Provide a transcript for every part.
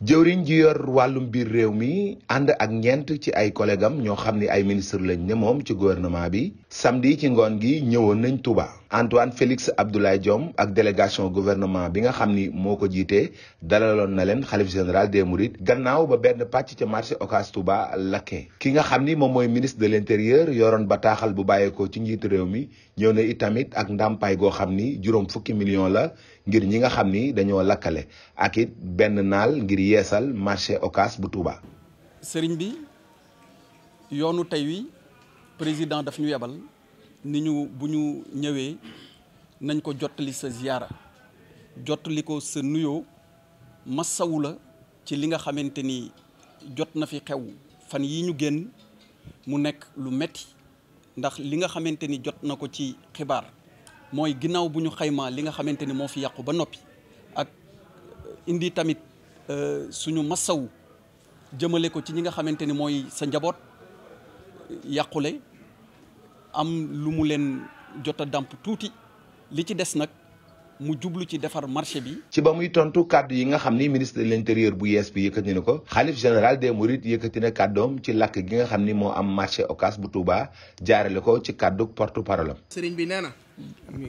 jëwriñ ji yor wàllum biir réew mi ànd ak ñeent ci ay collègue am ñoo xam ni ay ministre lañ ne moom ci gouvernement bi samedi ci ngoon gi ñëwoon nañ Touba Antoine Félix Abdoulaye Diome ak délégation gouvernement bi nga xam ni moo ko jiitee dalaloon na leen xalif général des Mourides gannaaw ba benn pàcc ca marché Ocass Touba lakke ki nga xam ni moom mooy ministre de l'intérieur yoroon bataaxal bu bàyyeeko ci njiitu réew mi ñëw na itamit ak ndàmpaay goo xam ni juróom fukki million la ngir ñi nga xam ni dañoo lakkale ak it benn naal ngir yeesal marché Ocass bu Touba. sëriñ bi yoonu tey wi président daf ñu yebal ni ñu bu ñu ñëwee nañ ko jottali sa ziyaara jottali ko sa nuyoo masawu ci li nga xamante ni jot na fi xew fan yi ñu génn mu nekk lu metti ndax li nga xamante ni jot na ko ci xibaar mooy ginnaaw bu ñu xaymaa li nga xamante ni moo fi yàqu ba noppi ak euh, indi tamit euh, suñu masaw jëmale ko ci ñi nga xamante ni mooy sa njaboot euh, yàqule am lu mu leen jot a dàmp tuuti li ci des nag mu jublu ci defar marché bi. ci ba muy tontu kàddu yi nga xam ni ministre de l'intérieur bu yees bi yëkkati na ko xalif général des mourides yëkkati na kàddoom ci làkk gi nga xam ni moo am marché Ocass bu Touba jaarale ko ci kàddu porte parole am. sëriñ bi nee na.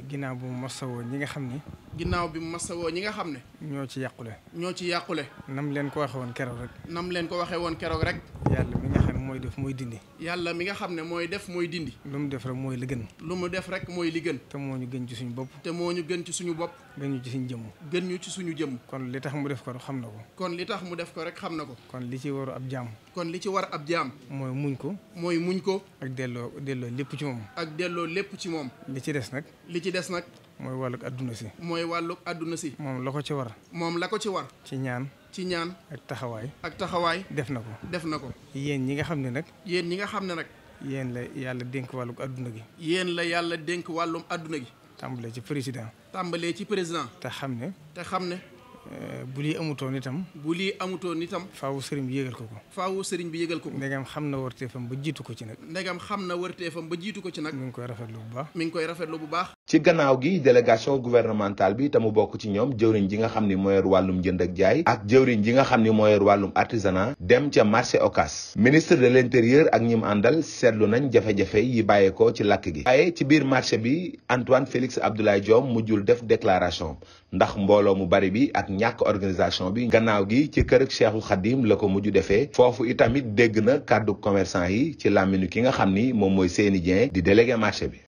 ginnaaw bi mu masawoo ñi nga xam ni. ginnaaw bi mu masawoo ñi nga xam ne. ñoo ci yàqule. ñoo ci yàqule. nam leen ko waxe woon keroog rek. nam leen ko waxee woon keroog rek. yàlla mi ne mooy def mooy dindi yàlla mi nga xam ne mooy def mooy dindi lu mu def rek mooy li gën lu mu def rek mooy li gën te moo ñu gën ci suñu bopp te moo ñu gën ci suñu bopp gën ñu ci suñu jëmm gën ñu ci suñu jëmm kon li tax mu def ko rek xam na ko kon li tax mu def ko rek xam na ko kon li ci waru ab jaam kon li ci war ab jaam mooy muñ ko mooy muñ ko ak delloo delloo lépp ci moom ak delloo lépp ci moom li ci des nag li ci des nag mooy wàllug àdduna si mooy wàllug àdduna si moom la ko ci war ci ñaan ak taxawaay ak taxawaay def na ko def na ko yéen ñi nga xam ne nag yéen ñi nga xam ne nag yéen la yàlla dénk wàllum adduna gi yéen la yàlla dénk wàllum àdduna gi tàmbalee ci président tàmbalee ci président te xam ne te xam ne Euh, bu lii amutoon itam. bu lii amutoon itam. faawu sëriñ bi yëgal ko ko. faawu sëriñ bi yëgal ko ko. ndegam xam na warteefam ba jiitu ko ci nag. ndegam xam na warteefam ba jiitu ko ci nag. mi ngi koy rafetlu bu baax. mi ngi koy rafetlu bu baax. ci gannaaw gi délégation gouvernementale bi te mu bokk ci ñoom jëwriñ ji nga xam ni moo yor wàllum jënd ak jaay ak jëwriñ ji nga xam ni moo yor wàllum artisanat dem ca marché Ocass ministre de l'intérieur ak ñim àndal seetlu nañ jafe-jafe yi bàyyeekoo ci làkk gi waaye ci biir marché bi Antoine Félix Abdoulaye Diome mujjul def déclaration ndax mbooloo mu bari bi ñàkk organisation bi gannaaw gi ci kër Cheikhul Khadim la ko mujj defee foofu itamit dégg na kàddu commerçant yi ci làmmiñu ki nga xam ni moom mooy seeni Dieng di délégué marché bi